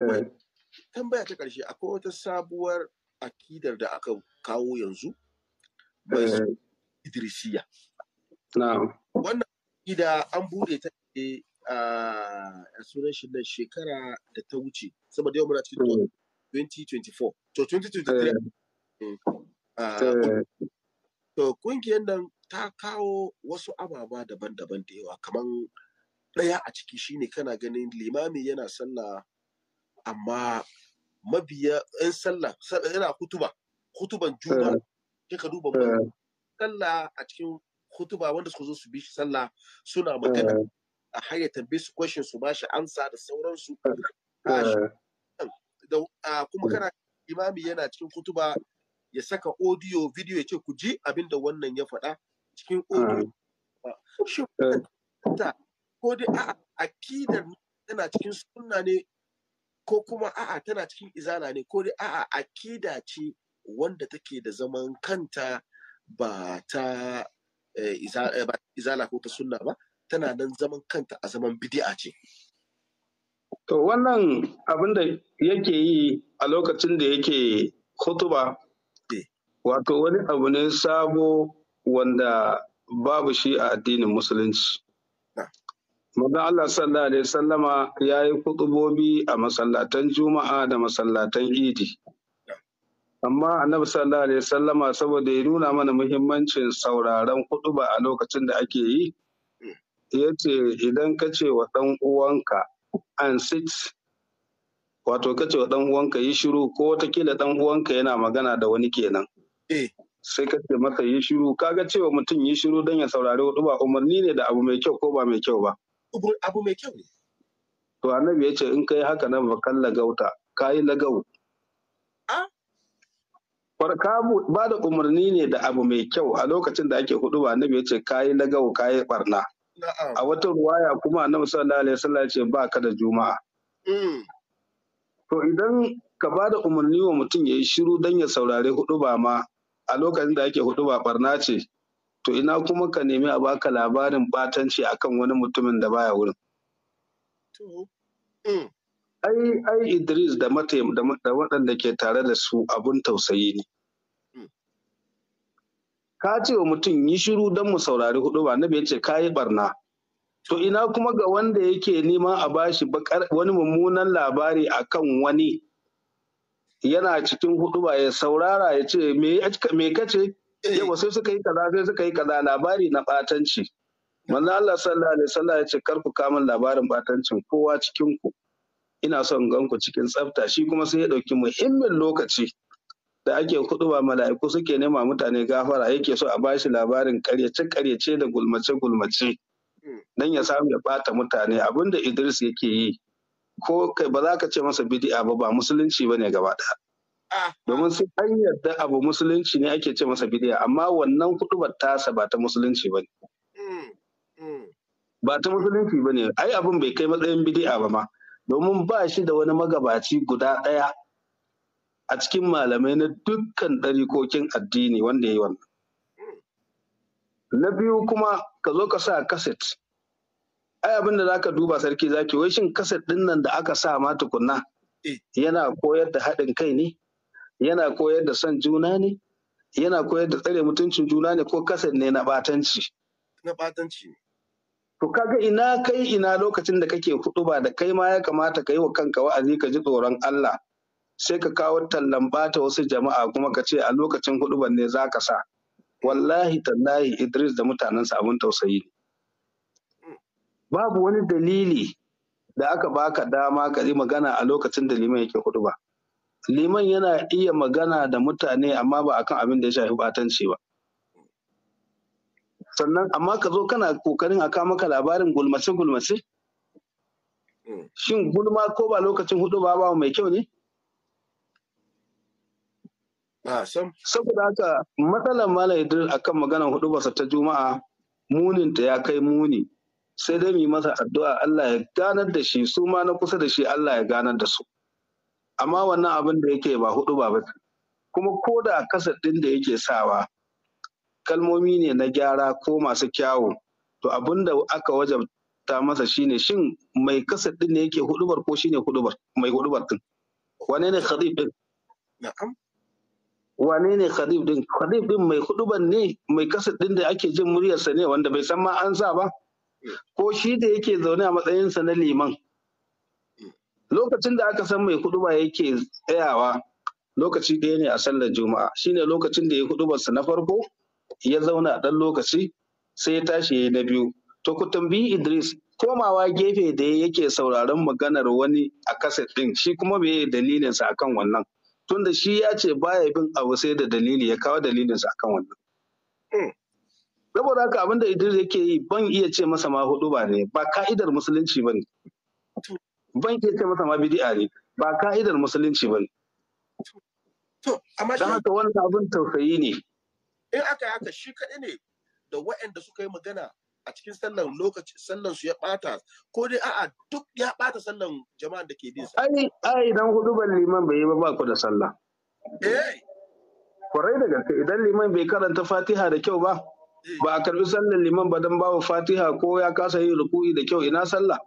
Eh. tambaya ta ƙarshe akwai wata sabuwar akidar da aka kawo yanzu mai eh. idrisiya wannan akida an bude ta ne ah, a sunan shi na shekara da ta wuce saboda yau muna cikin 2024 eh. to 2023 mm. ah, to kungiyar nan ta kawo wasu ababa daban-daban da yawa kamar ɗaya a ciki shine kana ganin limami yana sallah amma mabiya yan sallah yana kutuba, kutuban juma kika eh. ka duba eh. sallah a cikin kutuba, wanda suka zo su bi shi sallah suna magana eh. a hanyar tambaye su question su ba shi amsa da sauransu kuma kana imami yana cikin kutuba ya saka audio video ya ce ku ji abin da wannan ya faɗa cikin audio shi ko dai a akidar tana cikin sunna ne ko kuma a'a tana cikin izana ne ko dai a'a akida ce wanda take da zaman kanta ba ta eh, eh, izala ko ta sunna ba tana nan zaman kanta a zaman bidi'a ce. To wannan abin da yake yi a lokacin da yake hutuba eh. wato wani abu ne sabo wanda babu shi a addinin musulunci. Maza Allah sallallahu Alaihi sallama ya yi kutubobi a masallatan Juma'a da masallatan Idi. Amma annabi sallallahu Alaihi sallama saboda ya nuna mana muhimmancin sauraron kutuba a lokacin da ake yi, ya ce idan ka ce wa ɗan uwanka an sit wato ka ce wa ɗan uwanka yi shiru ko watakila ɗan uwanka yana magana da wani kenan. Eh. sai ka ce masa yi shiru kaga cewa mutum yi shiru don ya saurari hudu ba umarni ne da abu mai kyau ko ba mai kyau ba abu mai kyau ne to annabi ya ce in kai haka nan kan lagauta ka yi lagau farka ba da umarni ne da abu mai kyau a lokacin da ake hudu ba annabi ya ce ka yi lagau ka yi barna a wata ruwaya kuma annabi sallallahu alaihi wasallam ce ba ka da juma'a mm. to idan ka ba da umarni wa mutum ya yi shiru don ya saurari hudu ba ma a lokacin da ake hudu ba barna ce to ina kuma ka nemi a baka labarin batanci akan wani mutumin da baya wurin mm. ai ai Idris da da waɗanda ke tare da su abun tausayi ne mm. ka ce wa mutum yi shiru don mu saurari hudu ba nabi ya ce ka yi barna to ina kuma ga wanda yake neman a bashi wani mummunan labari akan wani yana cikin hudu ba ya saurara ya ce me kace yawa sai suka yi kaza sai suka yi kaza labari na batanci manzo Allah sallallahu alaihi wasallam ya ce kar ku labarin batancin kowa cikin ku ina son gan ku cikin tsafta shi kuma sai ya dauki muhimmin lokaci da ake ba mala'iku suke nema mutane gafara yake so a bashi labarin karyace karyace da gulmace gulmace dan ya samu ya bata mutane abinda Idris yake yi ko ba za ka ce masa bid'a ba ba musulunci bane gaba daya domin sun an yarda abu musulunci ne ake ce masa bidiya amma wannan kutubar tasa ba ta musulunci ba ne mm, mm. ba ta musulunci ba ne ai abin bai kai matsayin bidiya ba ma domin ba shi da wani magabaci guda ɗaya a cikin malamai na dukkan ɗarikokin addini wanda ya yi wannan na biyu kuma ka zo ka sa kaset ai abin da za ka duba sarki zaki wai shin kaset ɗin nan da aka sa ma tukunna eh. yana koyar da haɗin kai ne yana koyar da son juna ne yana koyar da tsare mutuncin juna ne ko kasar ne na batanci na batanci to kaga ina kai ina lokacin da kake hudu ba da kai ma ya kamata ka yi wa kanka wa'azi ka ji tsoron Allah sai ka kawo tallan bata wasu jama'a kuma ka ce a lokacin hudu ban ne za ka sa wallahi tallahi Idris da mutanen sa abin tausayi babu wani dalili da aka baka dama ka yi magana a lokacin da liman yake hudu ba liman yana iya magana da mutane amma ba akan abin da ya shafi batanci ba sannan amma ka zo kana kokarin a maka labarin gulmace gulmace mm. shin gulma ko ba lokacin hudu ba ba mai kyau ne saboda haka matsalar malam akan maganar hudu basa ta juma'a muninta ya kai muni sai dai mu yi masa addu'a Allah ya ganar da shi su ma na kusa da shi Allah ya ganar da su amma wannan abin da yake ba hudu ba ba kuma ko da kasadin ɗin da yake sawa kalmomi ne na gyara ko masu kyawu to abin da aka wajabta masa shine shin mai kasadin ɗin ne yake hudubar ko shine hudubar mai hudubar ɗin wane ne khadib ɗin wane ne khadib ɗin khadib din mai hudubar ne mai kasadin ɗin da ake jin muryarsa ne wanda bai san ma an sa ba hmm. ko shi da yake zaune a matsayinsa na liman lokacin da aka san mai kuduba yake tsayawa lokaci ɗaya ne a sallar juma'a shine lokacin da ya kudubarsa na farko ya zauna ɗan lokaci sai ya tashi ya yi na biyu to ku tambayi idris komawa gefe da yake sauraron maganar wani a kaset ɗin shi kuma me dalilinsa akan wannan tunda shi ya ce baya bin abu sai da dalili ya kawo dalilinsa akan wannan hmm. saboda haka abinda idris yake yi ban iya ce masa ma hudu ba ne ba ka'idar musulunci ba ne ban ke ce masa ma bidi'a ne ba ka'idar musulunci ba ne. Don haka wannan abin tausayi ne. In aka haka shi kaɗai ne da waɗanda suka yi magana a cikin sallan lokaci sallan su ya ɓata ko dai a'a duk ya ɓata sallan jama'an da ke bin sa. Ai ai idan hudu ban liman bai yi ba ba ku da sallah. Eh. Kwarai da gaske idan liman bai karanta Fatiha da kyau ba eh. ba a karbi sallan liman ba don babu Fatiha ko ya kasa yin ruku'i da kyau ina sallah.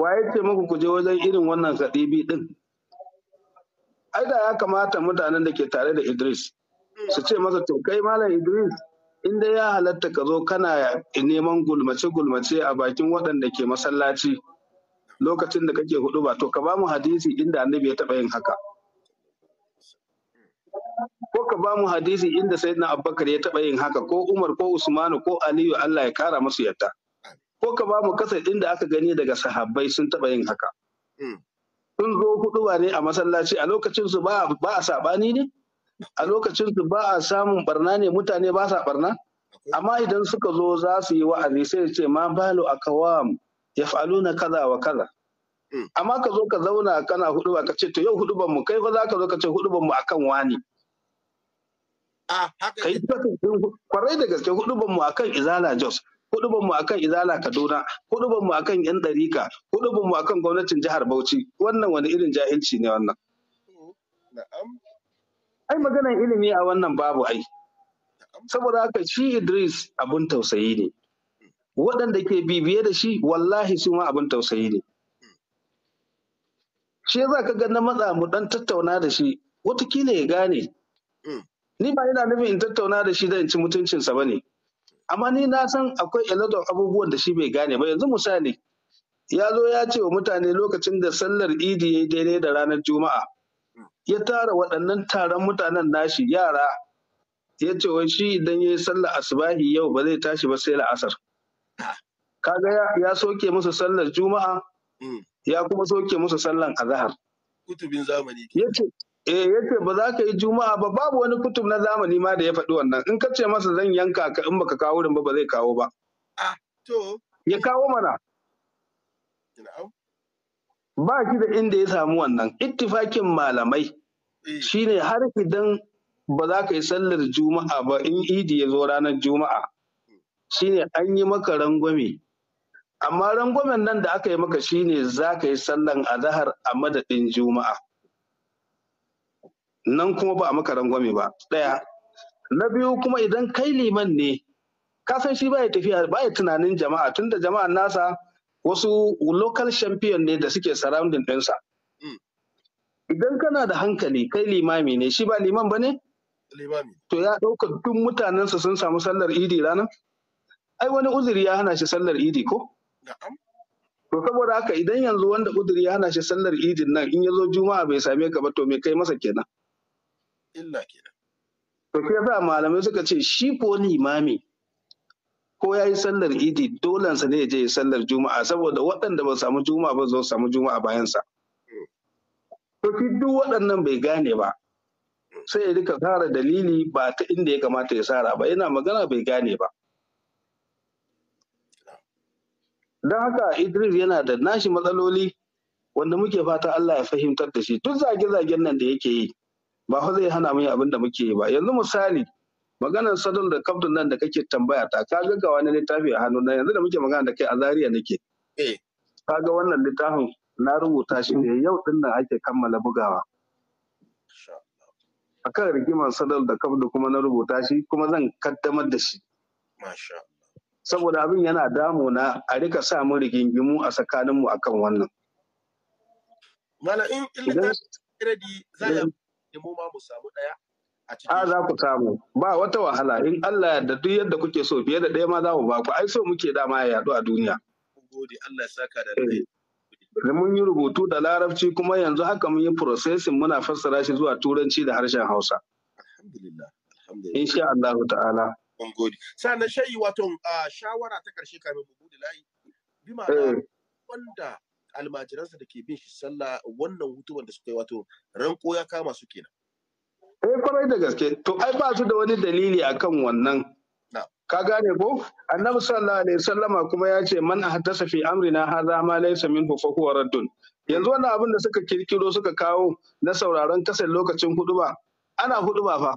waye ce muku ku je wajen irin wannan kadibi din ai da ya kamata mutanen da ke tare da Idris mm. su ce masa to kai malam Idris in dai ya halatta ka zo kana neman gulmace gulmace a bakin waɗanda ke masallaci lokacin da kake hudu ba to ka ba mu hadisi inda annabi ya taɓa yin haka ko ka ba mu hadisi inda sayyidina abubakar ya taɓa yin haka ko umar ko usmanu ko aliyu allah ya kara masu yadda ko ka ba mu kasa ɗin da aka gani daga sahabbai sun taɓa yin haka. Hmm. Sun zo ba ne a masallaci a lokacin su ba a saɓani ne? A lokacin su ba a samun barna ne mutane ba sa barna? Amma idan suka zo za su yi wa'azi sai ce ma balo a kawam ya na kaza wa kaza. Hmm. Amma ka zo ka zauna kana ba ka ce to yau ban mu kai ba za ka zo ka ce ban mu akan wani. yi ah, ta kwarai da gaske ban mu akan izala Jos. mu akan izala kaduna mu akan yan ɗarika mu akan gwamnatin jihar bauchi wannan wani irin jahilci ne wannan ai maganan ilimi a wannan babu ai saboda haka shi idris abun tausayi ne waɗanda ke bibiye da shi wallahi su ma abin tausayi ne shi za ka ga na matsa mu dan tattauna da shi watakila ya gane mm. ni ba ina nufin in tattauna da shi dan in ci mutuncinsa ba ne amma ni na san akwai a lot abubuwan da shi bai gane ba yanzu misali ya zo ya ce wa mutane lokacin da sallar idi ya daidai da ranar juma'a ya tara waɗannan taron mutanen nashi yara ya ce wai shi idan ya yi sallar asibahi yau ba zai tashi ba sai la'asar kaga ya soke musu sallar juma'a mm. ya kuma soke musu sallar azahar ya ce eh yace ba za ka yi juma'a ba babu wani kutub na zamani ma da ya faɗi wannan in ka ce masa zan yanka ka in baka kawo ba ba zai kawo ba ah, to ya kawo mana ba shi da inda ya samu wannan ittifakin malamai eh. shine har idan ba za ka yi sallar juma'a ba in idi ya zo ranar juma'a shine an yi maka rangwame amma rangwamen nan da aka yi maka shine za ka yi sallan azahar a madadin juma'a nan kuma ba a maka rangwame ba ɗaya na biyu kuma idan kai liman ne ka san shi ya tafiya ba ya tunanin jama'a tunda jama'a nasa wasu local champion ne da suke surrounding ɗinsa mm. idan kana da hankali kai limami ne shi ba liman ba ne to ya ɗauka duk mutanensa sun samu sallar idi ranar ai wani uzuri ya hana shi sallar idi ko To saboda haka idan yanzu wanda uzuri ya hana shi sallar idin nan in ya zo juma'a bai same ka ba to me kai masa kenan. illa kenan to ke malamai suka ce shi ko imami ko ya yi sallar idi dolansa ne ya je sallar juma'a saboda waɗanda ba samu juma'a ba zo samu juma'a bayansa to fi duk waɗannan bai gane ba sai ya rika tsara dalili ba ta inda ya kamata ya sara ba yana magana bai gane ba don haka idris yana da nashi matsaloli wanda muke fata allah ya fahimtar da shi duk zage-zagen nan da yake yi ba fa zai hana mun yin abin da muke yi ba yanzu misali maganar sadar da kaftin nan da kake tambaya ta ka ga wani littafi a hannu na yanzu da muke magana da kai a zariya nake eh. ka ga wannan littafin na rubuta shi ne yau din nan ake kammala bugawa A kan rigimar sadar da kaftin kuma na rubuta shi kuma zan kaddamar da shi saboda abin yana damuna a rika sa mu rigingimu a tsakaninmu akan wannan Mala in za yadda mu ma mu samu ɗaya a cikin a za ku samu ba wata wahala in Allah da duk yadda kuke so fiye da ɗaya ma za mu ba ku ai so muke dama ya yaɗu a duniya gode Allah ya saka da rai eh. mun yi rubutu da larabci kuma yanzu haka mun yi processing muna fassara shi zuwa turanci da harshen Hausa alhamdulillah insha Allah ta'ala mun gode sannan shayi wato ah, shawara ta karshe kafin mu bude layi bi ma'ana eh. wanda almajiransa da ke bin shi sallah wannan hutuban da suka yi wato ranko ya kama su kenan eh kwarai da gaske to ai ba su da wani dalili akan wannan ka gane ko annabi sallallahu alaihi wasallama kuma ya ce man ahdasa fi amrina hadha ma laysa minhu fa huwa raddun yanzu wannan abin da suka kirkiro suka kawo na sauraron kasar lokacin huduba ana huduba fa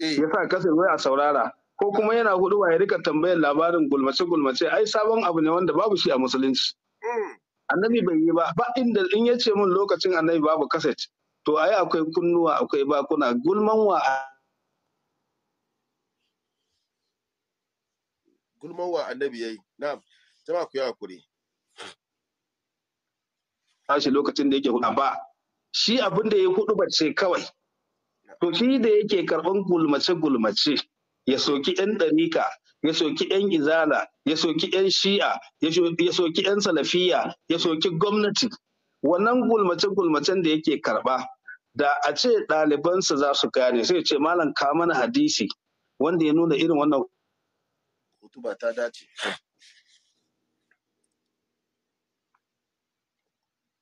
eh. ya sa kasar wai a saurara ko kuma yana huduba ya rika tambayar labarin gulmace gulmace ai sabon abu ne wanda babu shi a musulunci mm. annabi bai yi ba ba inda in ya ce min lokacin annabi babu kaset to ai akwai kunnuwa akwai bakuna gulman wa gulman wa annabi yayi na'am jama'a ku yi hakuri tashi lokacin da yake hudu ba shi abin da ya hudu bace kawai to shi da yake karban gulmace gulmace ya soki yan ɗarika ya soki 'yan izala ya soki 'yan shi'a ya soki 'yan salafiya ya soki gwamnati wannan gulmace-gulmacen da yake karba da a ce ɗalibansa za su gane sai ce malam ka mana hadisi wanda ya nuna irin wannan ba ta dace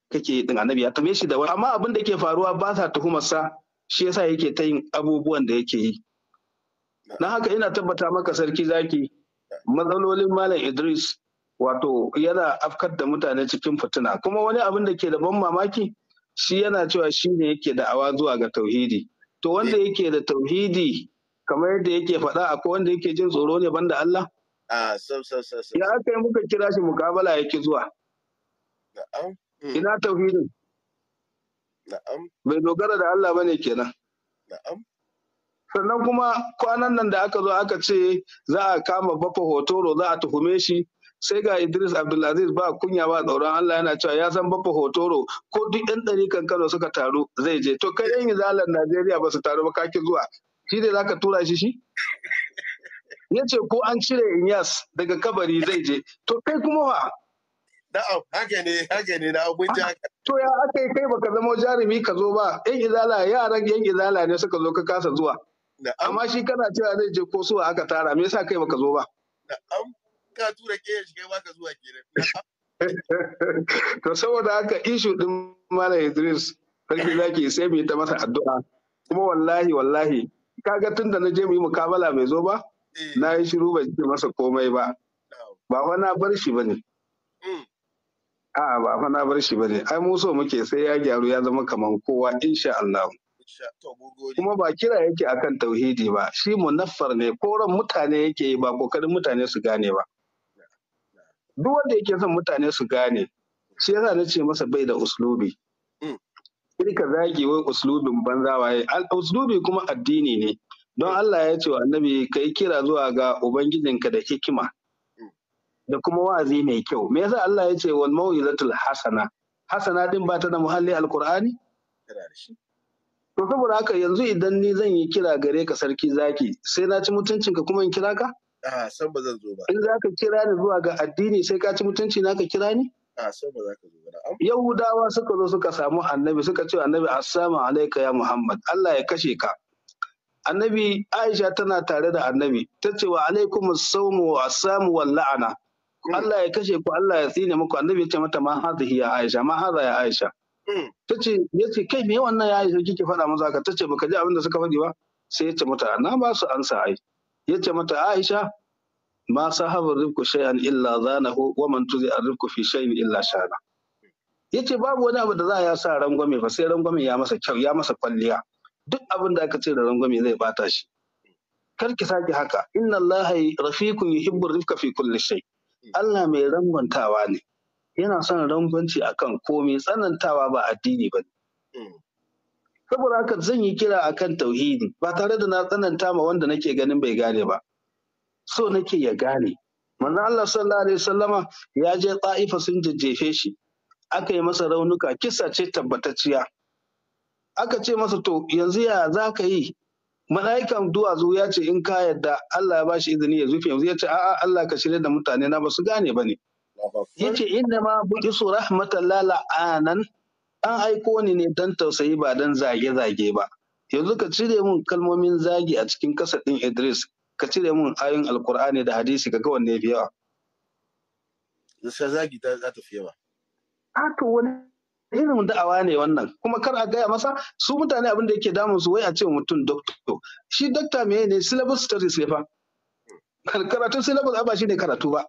kake din annabi ya tame shi da wani amma abin da ke faruwa ba sa tuhumarsa shi yasa yake ta yin abubuwan da yake yi Na haka ina tabbata maka sarki zaki matsalolin Malam Idris wato yana afkar da mutane cikin fitina kuma wani abin da ke da ban mamaki shi yana cewa shi ne yake da awa zuwa ga tauhidi to wanda yake da tauhidi kamar yadda yake faɗa akwai wanda yake jin tsoro ne banda Allah ya aka yi muka kira shi mukabala yake zuwa hmm. ina tauhidin bai dogara da Allah bane kenan sannan kuma kwanan nan da aka zo aka ce za a kama bafa hotoro za a tuhume shi sai ga Idris Abdulaziz ba kunya ba tsoron Allah yana cewa ya san bafa hotoro ko duk yan kan Kano suka taru zai je to kai yan izalar Najeriya ba su taru ba kaki zuwa shi ne zaka tura shi shi ya ce ko an cire Inyas daga kabari zai je to kai kuma ba. na'am haka ne haka ne na haka to ya aka yi kai baka zama jarumi ka zo ba yan izala yaran yan izala ne suka zo ka kasa zuwa Amma shi kana cewa zai je ko suwa aka tara me yasa kai baka zo ba? Na'am ka tura ke kai baka zuwa kenan. To saboda haka ishu din Malam Idris sarki zaki sai mu yi ta masa addu'a kuma wallahi wallahi kaga tun da na je mu yi mukabala mai zo ba eh. na yi shiru ban ce masa komai ba ba fa na bar shi bane. Mm. A'a ba fa na bar shi bane ai mu so muke sai ya gyaru ya zama kaman kowa insha Allah. kuma ba kira yake akan tauhidi ba shi munaffar ne ko ran mutane yake yi ba kokarin mutane su gane ba duk wanda yake son mutane su gane shi yasa na ce masa bai da uslubi mm. ka zagi wai uslubin banza waye uslubi kuma addini ne don mm. Allah ya ce wa annabi ka yi kira zuwa ga ubangijinka da hikima mm. da kuma wa'azi mai kyau me yasa Allah ya ce wal mau'izatul hasana hasana din ba ta da muhalli alqur'ani To saboda haka yanzu idan ni zan yi kira gare ka sarki zaki sai na ci mutuncin ka kuma in kira ka? A san ba zan zo ba. In za ka kira ni zuwa ga addini sai ka ci mutunci na ka kira ni? A san ba zaka zo ba. Yahudawa suka zo suka samu annabi suka ce annabi assalamu alaika ya Muhammad Allah ya kashe ka. Annabi Aisha tana tare da annabi ta ce wa alaikum assalamu wa assalamu wal la'ana. Hmm. Allah ya kashe ku Allah ya tsine muku annabi ya ce mata ma hadhihi ya Aisha ma hadha ya Aisha. Mm. ta ce ya ce kai me wannan ya yi kike faɗa maza ka ta ce baka ji abinda suka faɗi ba sai ya ce mata na ba su ansa ai ya ce mata aisha ma sahabar rifku shay'an illa zanahu wa man tuzi an fi shay'in illa shana ya ce babu wani abu da za a ya sa rangwame ba sai rangwame ya masa kyau ya masa kwalliya duk abin da aka ce da rangwame zai bata shi kar ki sake haka inna allaha rafiqun yuhibbu rifka fi kulle shai. Mm. Allah mai rangwantawa ne yana son rangwanci akan komai tsanantawa ba addini ba hmm. saboda haka zan yi kira a kan tauhidi ba tare da na tsananta ma wanda nake ganin bai gane ba so nake ya gane manzo Allah sallallahu alaihi wasallama ya je ta'ifa sun jajjefe shi aka yi masa raunuka kisa ce tabbatacciya aka ce masa to yanzu ya za ka yi mala'ikan duwatsu ya ce in ka yadda Allah ya ba shi izini ya zufe yanzu ya ce a'a Allah ka shirya da mutane na ba su gane ba ne yace inda ma su rahmatan la'anan an aiko ni ne don tausayi ba don zage-zage ba yanzu ka cire mun kalmomin zagi a cikin kasa ɗin Idris ka cire mun ayin alkur'ani da hadisi ga wanne ya fi yawa zagi ta za ta fi yawa a wani irin da'awa ne wannan kuma kar a gaya masa su mutane abin da yake damun su wai a ce mutum dokto. shi dokta me ne syllabus studies ne fa karatun syllabus ba shi ne karatu ba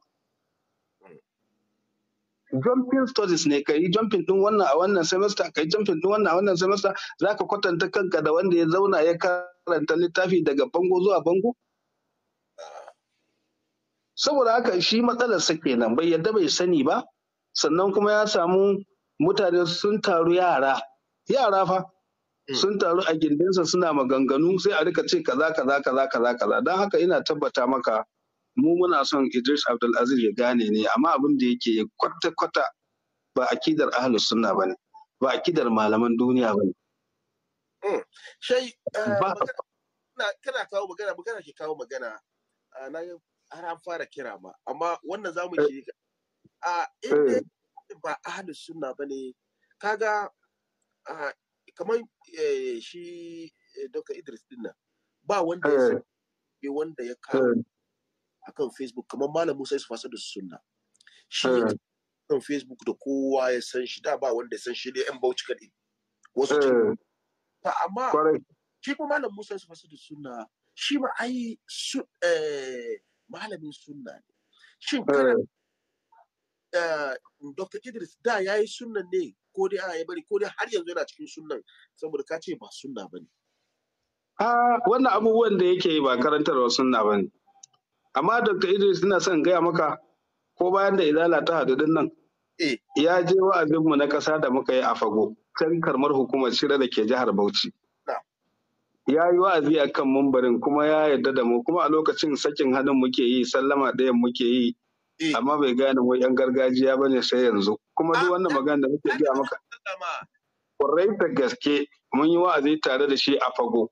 jumping studies ne ka yi jumping din wannan a wannan semester ka jumping din wannan a wannan semester za ka kwatanta kanka da wanda ya zauna ya karanta littafi daga bango zuwa bango saboda haka shi matsalar sa kenan bai yadda bai sani ba sannan kuma ya samu mutane sun taru yara yara fa hmm. sun taru a gindinsa suna maganganu sai a rika ce kaza kaza kaza kaza kaza don haka ina tabbata maka mu muna son Idris Abdulaziz ya gane ne amma abin da yake kwata kwata ba akidar ahlus sunna bane ba akidar malaman duniya bane eh, shai eh, kana kawo magana magana ke kawo magana ah, na har an fara kira ma amma wannan zamu ke a ba ahlus sunna bane kaga ah, kamar eh, shi Dr. Idris dinnan ba wanda ya wanda ya kawo akan facebook kamar malam musa yusuf da sunna shi eh. kan facebook da kowa ya san shi da ba wanda ya san shi ne yan bauchi kaɗai wasu eh. ta amma shi kuma malam musa yusuf da sunna shi ma ai eh, malamin sunna ne shin kana Dr. Idris da ya yi sunan ne ko dai a ya bari ko dai har yanzu yana cikin sunan saboda ka ce ba sunna ba ne. Ah, wannan abubuwan da yake ba karantarwa sunna ba ne. amma dr idris ina son gaya maka ko bayan da idala ta hadu nan eh. ya je wa'azinmu na ƙasa da muka yi a fago can karmar hukumar shira da ke jihar bauchi ya yi wa'azi a kan mumbarin kuma ya yarda da mu kuma a lokacin sakin hannun muke yi sallama ɗaya muke yi eh. amma bai gane mu yan gargajiya ba ne sai yanzu kuma duk ah, wannan magana da muke gaya maka kwarai da gaske mun yi wa'azi tare da shi a fago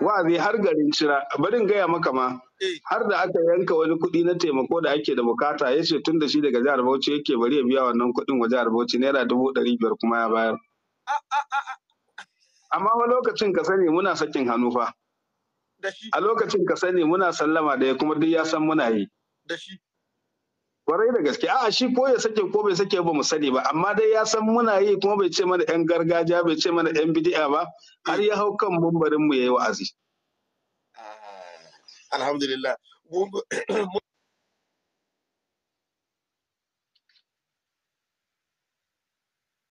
wa'azi har garin cira barin gaya maka ma eh. har da aka yanka wani kuɗi na taimako da ake da bukata ya ce tun da shi daga jihar bauchi yake bari ya biya wannan kuɗin wa jihar bauchi naira dubu ɗari biyar kuma ya bayar amma wani lokacin ka sani muna sakin hannu fa a lokacin ka sani muna sallama da ya kuma duk ya san muna yi kwarai da gaske a'a shi ko ya sake ko bai sake ba mu sani ba amma dai ya san muna yi kuma bai ce mana yan gargajiya bai ce mana yan bidi'a ba har ya hau kan mumbarin mu ya yi wa'azi alhamdulillah